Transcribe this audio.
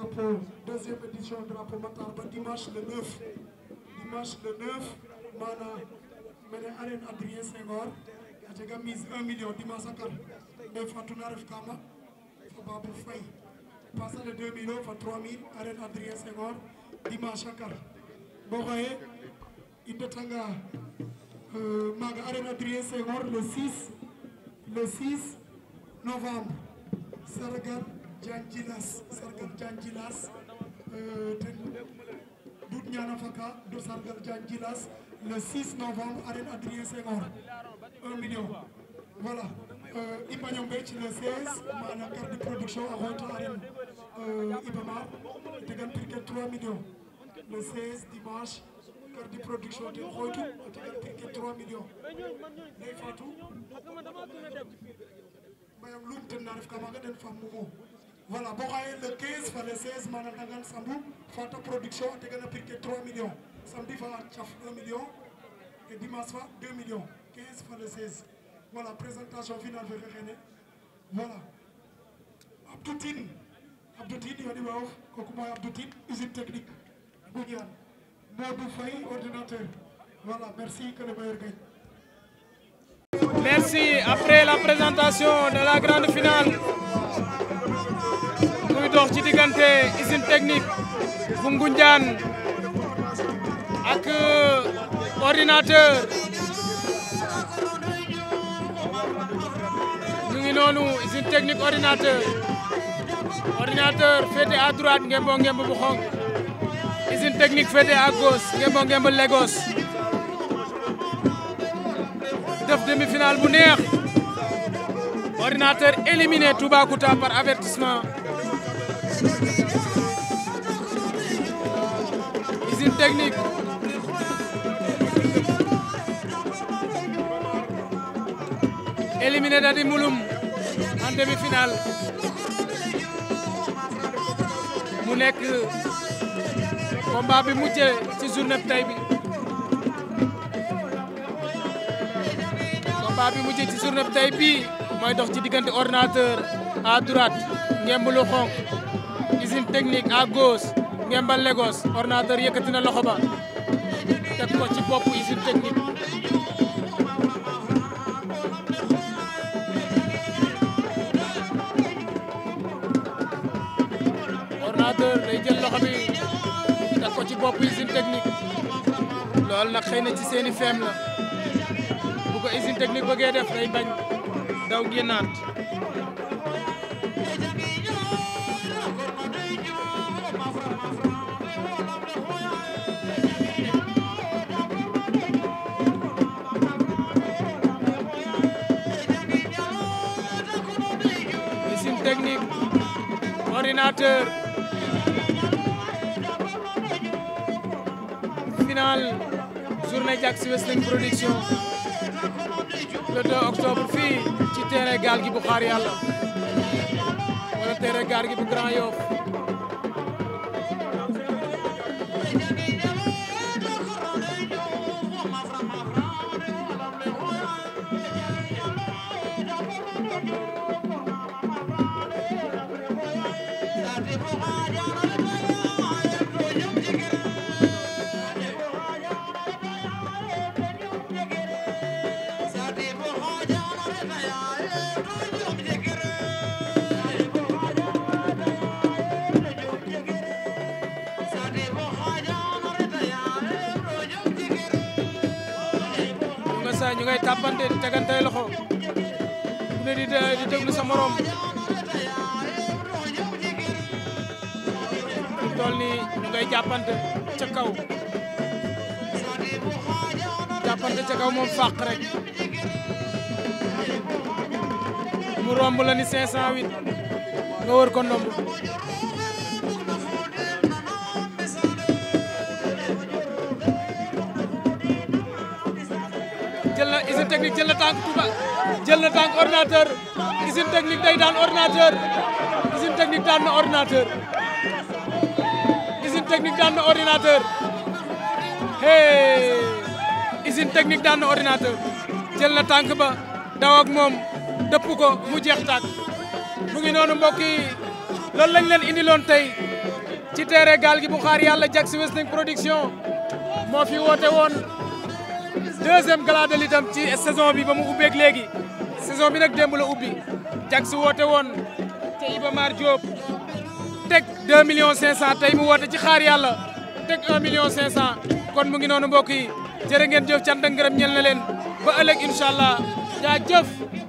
drapeau deuxième édition drapeau Matar ba dimanche le 9 dimanche le 9 maanaam mene arène Adrien Senghor a jega mise 1 million dimanche a kar mais fatuna ref kama fa Babou Faye passa le 2 millions fa 3000 arène Adrien Senghor dimanche a kar bo i ndetanga euh, maaga arène Adrien Senghor le 6 le 6 novembre sargal Diagne Diagne Djilass euh, ten Doudou Niane a faka do sargal Diagne Djilass le 6 novembre arène Adrien Senghor 1 million voilà euh, i mbaño mbeec le 16 mana carte de production a xooyta arène euh, Ibamar tegan prix ke 3 millions le 16 dimanche carte de production ten xooytu a tegan prix ke millions Ndeye Fatou mbayam lum ten na ref ka maaga den faam mumo voilà boo xaayee le 15 fa le 16 maanaam production a tegan a prix ke 3 millions samedi fa caf 1 million et dimanche millions 15 fa présentation finale fe xexene voilà Abdou Tine Abdou Tine yo ɗiɓa of kooku usine technique Ngoundiane Modou Faye ordinateur voilà merci que le merci après la présentation de la grande finale dox ci diggante usine technique bu Ngunjaan ak euh, ordinateur ñu ngi noonu usine technique ordinateur ordinateur féete à droite ngembo ngemb bu xonk usine technique féete à gauche ngembo ngemb Lagos def demi-finale bu neex ordinateur éliminé Toubacouta par avertissement usine technique éliminé Dady Mbouloum en finale mu nekk combat bi mujjé ci journée bi tey bi combat bi mujjé ci journée bi tey bii mooy dox ci diggante ordinateur à droite ngemb lu usine technique à gauche ngembal Lagos ordinateur yëkkati na loxo ba teg ko ci bopp usine technique ordinateur day jël loxo bi teg ko ci bopp usine technique loolu nag xëy na ci seeni feem la bu ko usine technique bëggee def day bañ daw génnaat technique ordinateur finale journée Diaks Wrestling Production le 2 octobre ci terrain gaal gi bu xaar wala terrain gaal gi bu ndeysaan ñu ngay tàppante di tegantey loxo ne di di sa morom toll nii ñu ngay jàppante ca kaw jàppante ca kaw moom fàq rek mu romb la ni 508 nga wër ko ndomb technique jël na tànk Touba jël na tànk ordinateur usine technique day daan ordinateur usine technique daan na ordinateur usine technique daan na ordinateur hey usine technique daan na ordinateur jël na tànk ba daw ak moom dëpp ko mu jeex tàkk mu ngi noonu mbokk yi loolu lañ leen indiloon tey ci teere gaal gi bu xaar yàlla jag si Wrestling Production moo fi woote woon deuxième gala de l'itam ci saison bi ba mu ubbeeg léegi saison bi nag démb la ubbi jag si woote woon te Iba Mar Diop teg 2 millions 500 tey mu woote ci xaar yàlla teg 1 million 500 kon mu ngi noonu mbokk yi jërë ngeen jëf cant ak ngërëm ñel na leen ba ëllëg incha allah jaajëf